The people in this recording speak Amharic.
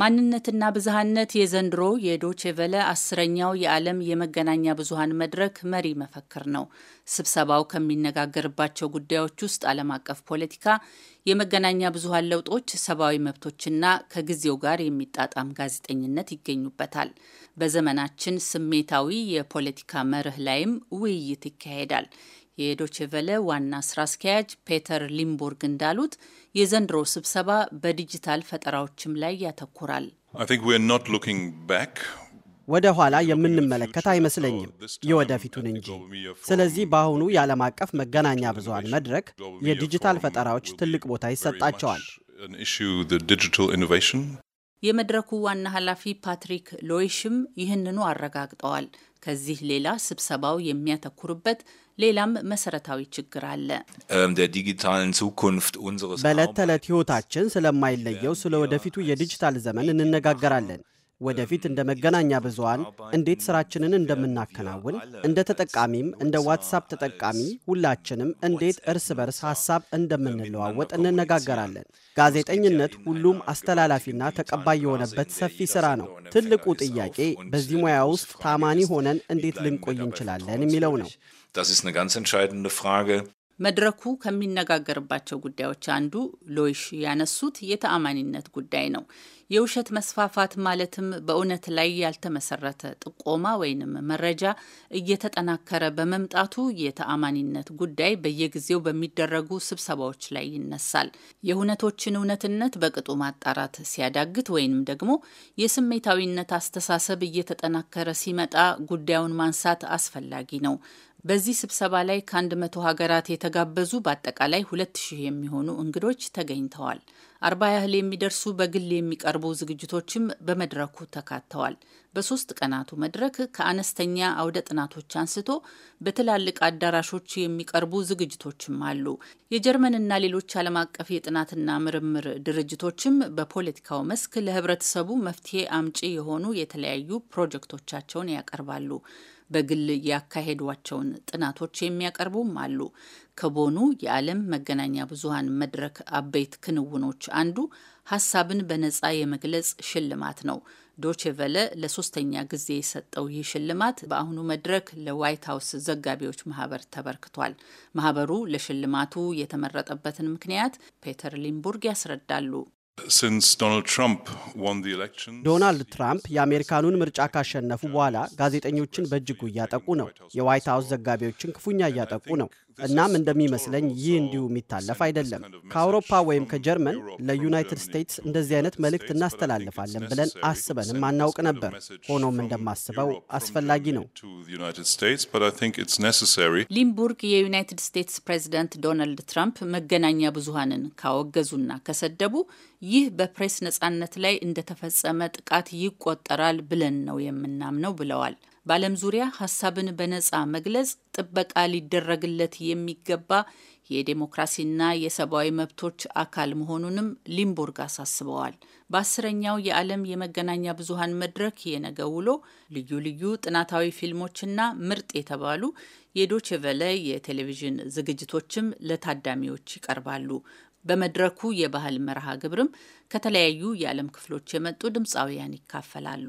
ማንነትና ብዝሃነት የዘንድሮ የዶቼቨለ አስረኛው የዓለም የመገናኛ ብዙሀን መድረክ መሪ መፈክር ነው። ስብሰባው ከሚነጋገርባቸው ጉዳዮች ውስጥ ዓለም አቀፍ ፖለቲካ፣ የመገናኛ ብዙሀን ለውጦች፣ ሰብአዊ መብቶችና ከጊዜው ጋር የሚጣጣም ጋዜጠኝነት ይገኙበታል። በዘመናችን ስሜታዊ የፖለቲካ መርህ ላይም ውይይት ይካሄዳል። የዶችቨለ ዋና ስራ አስኪያጅ ፔተር ሊምቦርግ እንዳሉት የዘንድሮ ስብሰባ በዲጂታል ፈጠራዎችም ላይ ያተኩራል። ወደ ኋላ የምንመለከት አይመስለኝም፣ የወደፊቱን እንጂ። ስለዚህ በአሁኑ የዓለም አቀፍ መገናኛ ብዙሃን መድረክ የዲጂታል ፈጠራዎች ትልቅ ቦታ ይሰጣቸዋል። የመድረኩ ዋና ኃላፊ ፓትሪክ ሎይሽም ይህንኑ አረጋግጠዋል። ከዚህ ሌላ ስብሰባው የሚያተኩርበት ሌላም መሰረታዊ ችግር አለ። ähm, በዕለት ተዕለት ሕይወታችን ስለማይለየው ስለ ወደፊቱ የዲጂታል ዘመን እንነጋገራለን። ወደፊት እንደ መገናኛ ብዙሃን እንዴት ስራችንን እንደምናከናውን እንደ ተጠቃሚም እንደ ዋትሳፕ ተጠቃሚ ሁላችንም እንዴት እርስ በርስ ሀሳብ እንደምንለዋወጥ እንነጋገራለን። ጋዜጠኝነት ሁሉም አስተላላፊና ተቀባይ የሆነበት ሰፊ ስራ ነው። ትልቁ ጥያቄ በዚህ ሙያ ውስጥ ታማኒ ሆነን እንዴት ልንቆይ እንችላለን የሚለው ነው። መድረኩ ከሚነጋገርባቸው ጉዳዮች አንዱ ሎይሽ ያነሱት የተአማኒነት ጉዳይ ነው። የውሸት መስፋፋት ማለትም በእውነት ላይ ያልተመሰረተ ጥቆማ ወይንም መረጃ እየተጠናከረ በመምጣቱ የተአማኒነት ጉዳይ በየጊዜው በሚደረጉ ስብሰባዎች ላይ ይነሳል። የእውነቶችን እውነትነት በቅጡ ማጣራት ሲያዳግት ወይንም ደግሞ የስሜታዊነት አስተሳሰብ እየተጠናከረ ሲመጣ ጉዳዩን ማንሳት አስፈላጊ ነው። በዚህ ስብሰባ ላይ ከአንድ መቶ ሀገራት የተጋበዙ በአጠቃላይ ሁለት ሺህ የሚሆኑ እንግዶች ተገኝተዋል። አርባ ያህል የሚደርሱ በግል የሚቀርቡ ዝግጅቶችም በመድረኩ ተካተዋል። በሶስት ቀናቱ መድረክ ከአነስተኛ አውደ ጥናቶች አንስቶ በትላልቅ አዳራሾች የሚቀርቡ ዝግጅቶችም አሉ። የጀርመንና ሌሎች ዓለም አቀፍ የጥናትና ምርምር ድርጅቶችም በፖለቲካው መስክ ለህብረተሰቡ መፍትሄ አምጪ የሆኑ የተለያዩ ፕሮጀክቶቻቸውን ያቀርባሉ። በግል ያካሄዷቸውን ጥናቶች የሚያቀርቡም አሉ። ከቦኑ የዓለም መገናኛ ብዙሃን መድረክ አበይት ክንውኖች አንዱ ሀሳብን በነፃ የመግለጽ ሽልማት ነው። ዶችቨለ ለሶስተኛ ጊዜ የሰጠው ይህ ሽልማት በአሁኑ መድረክ ለዋይት ሀውስ ዘጋቢዎች ማህበር ተበርክቷል። ማህበሩ ለሽልማቱ የተመረጠበትን ምክንያት ፔተር ሊምቡርግ ያስረዳሉ። ዶናልድ ትራምፕ የአሜሪካኑን ምርጫ ካሸነፉ በኋላ ጋዜጠኞችን በእጅጉ እያጠቁ ነው። የዋይት ሀውስ ዘጋቢዎችን ክፉኛ እያጠቁ ነው። እናም እንደሚመስለኝ ይህ እንዲሁ የሚታለፍ አይደለም። ከአውሮፓ ወይም ከጀርመን ለዩናይትድ ስቴትስ እንደዚህ አይነት መልእክት እናስተላልፋለን ብለን አስበንም አናውቅ ነበር። ሆኖም እንደማስበው አስፈላጊ ነው። ሊምቡርግ የዩናይትድ ስቴትስ ፕሬዚደንት ዶናልድ ትራምፕ መገናኛ ብዙሃንን ካወገዙና ከሰደቡ ይህ በፕሬስ ነጻነት ላይ እንደተፈጸመ ጥቃት ይቆጠራል ብለን ነው የምናምነው ብለዋል። በዓለም ዙሪያ ሀሳብን በነጻ መግለጽ ጥበቃ ሊደረግለት የሚገባ የዴሞክራሲና የሰብአዊ መብቶች አካል መሆኑንም ሊምቦርግ አሳስበዋል። በአስረኛው የዓለም የመገናኛ ብዙሀን መድረክ የነገ ውሎ ልዩ ልዩ ጥናታዊ ፊልሞችና ምርጥ የተባሉ የዶችቨለ የቴሌቪዥን ዝግጅቶችም ለታዳሚዎች ይቀርባሉ። በመድረኩ የባህል መርሃ ግብርም ከተለያዩ የዓለም ክፍሎች የመጡ ድምፃውያን ይካፈላሉ።